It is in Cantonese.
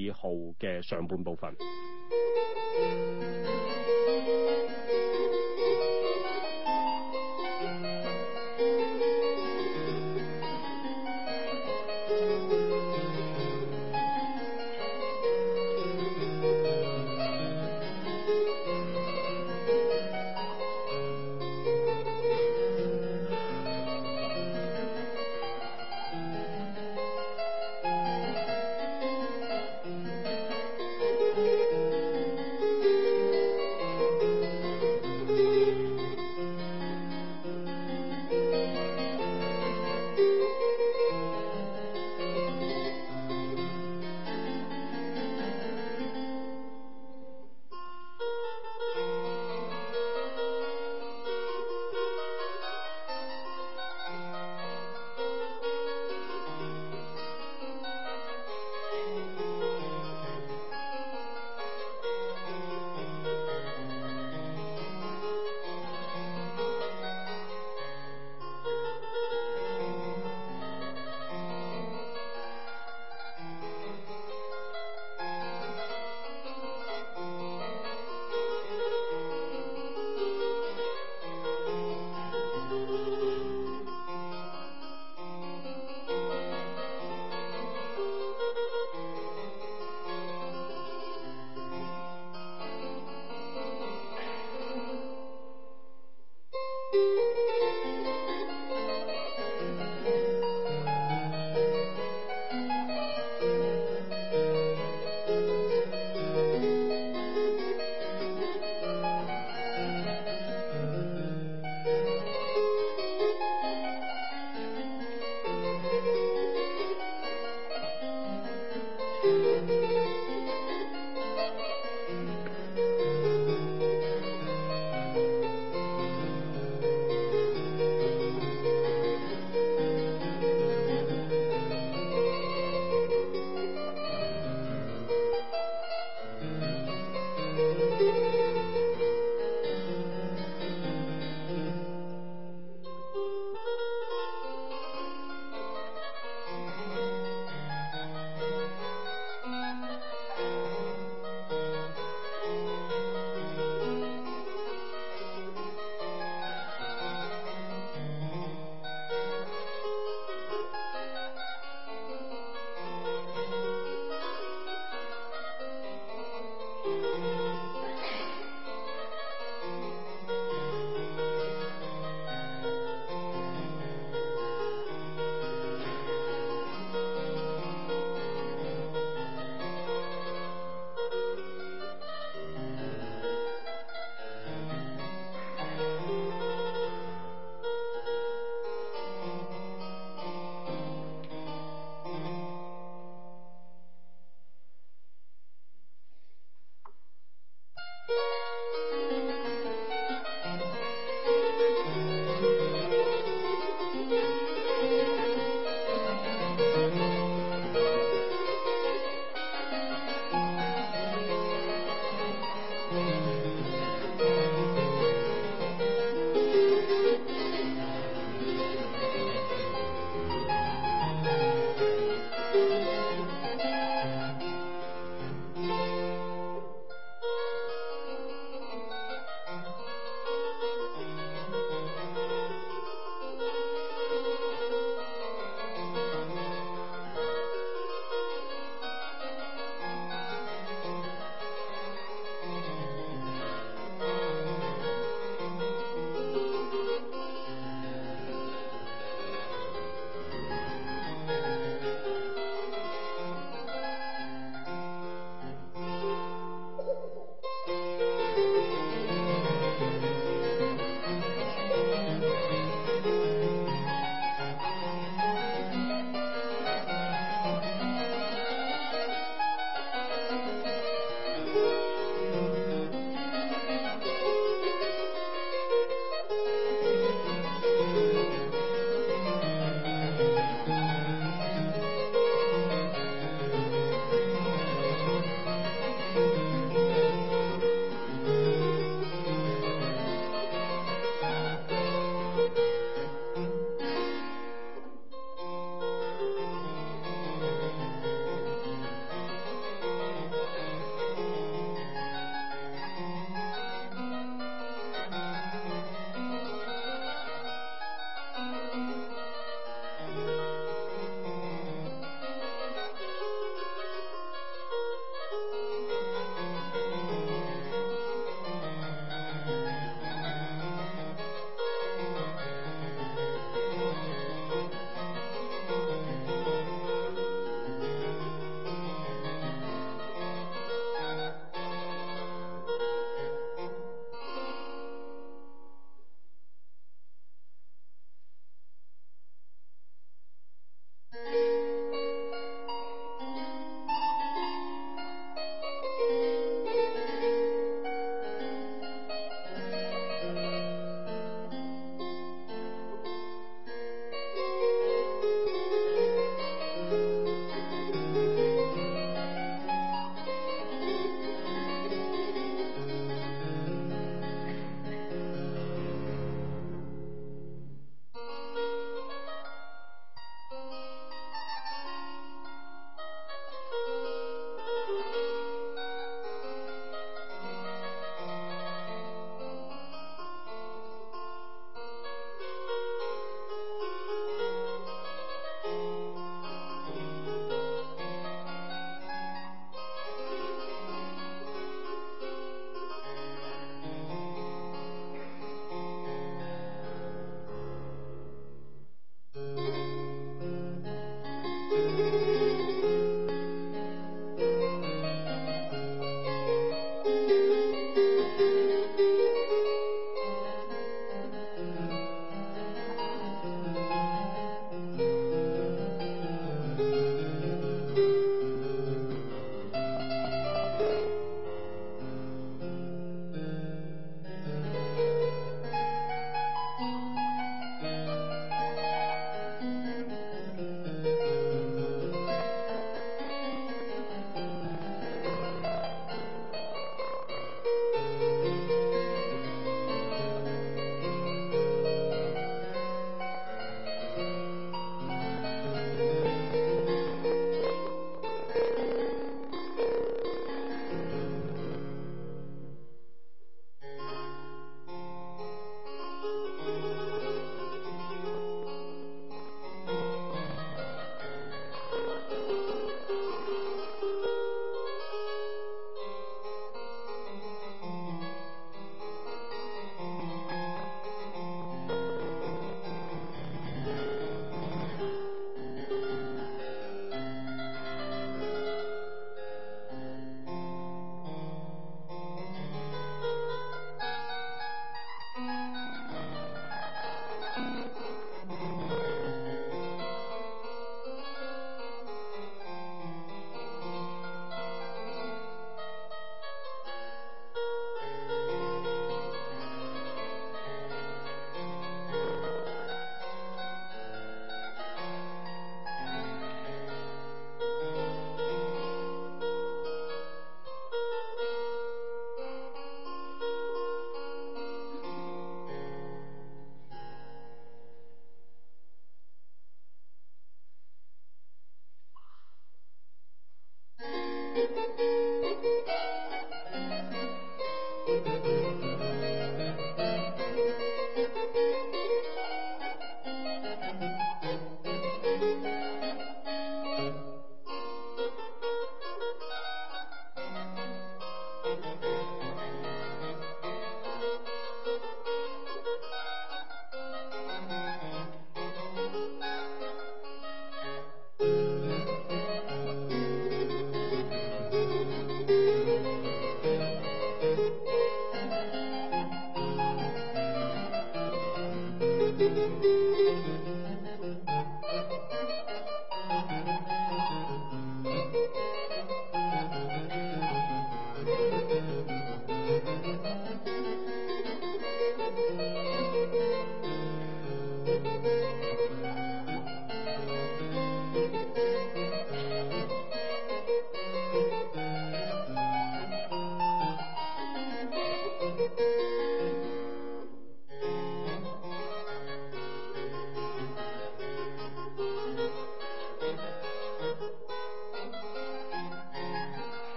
二號嘅上半部分。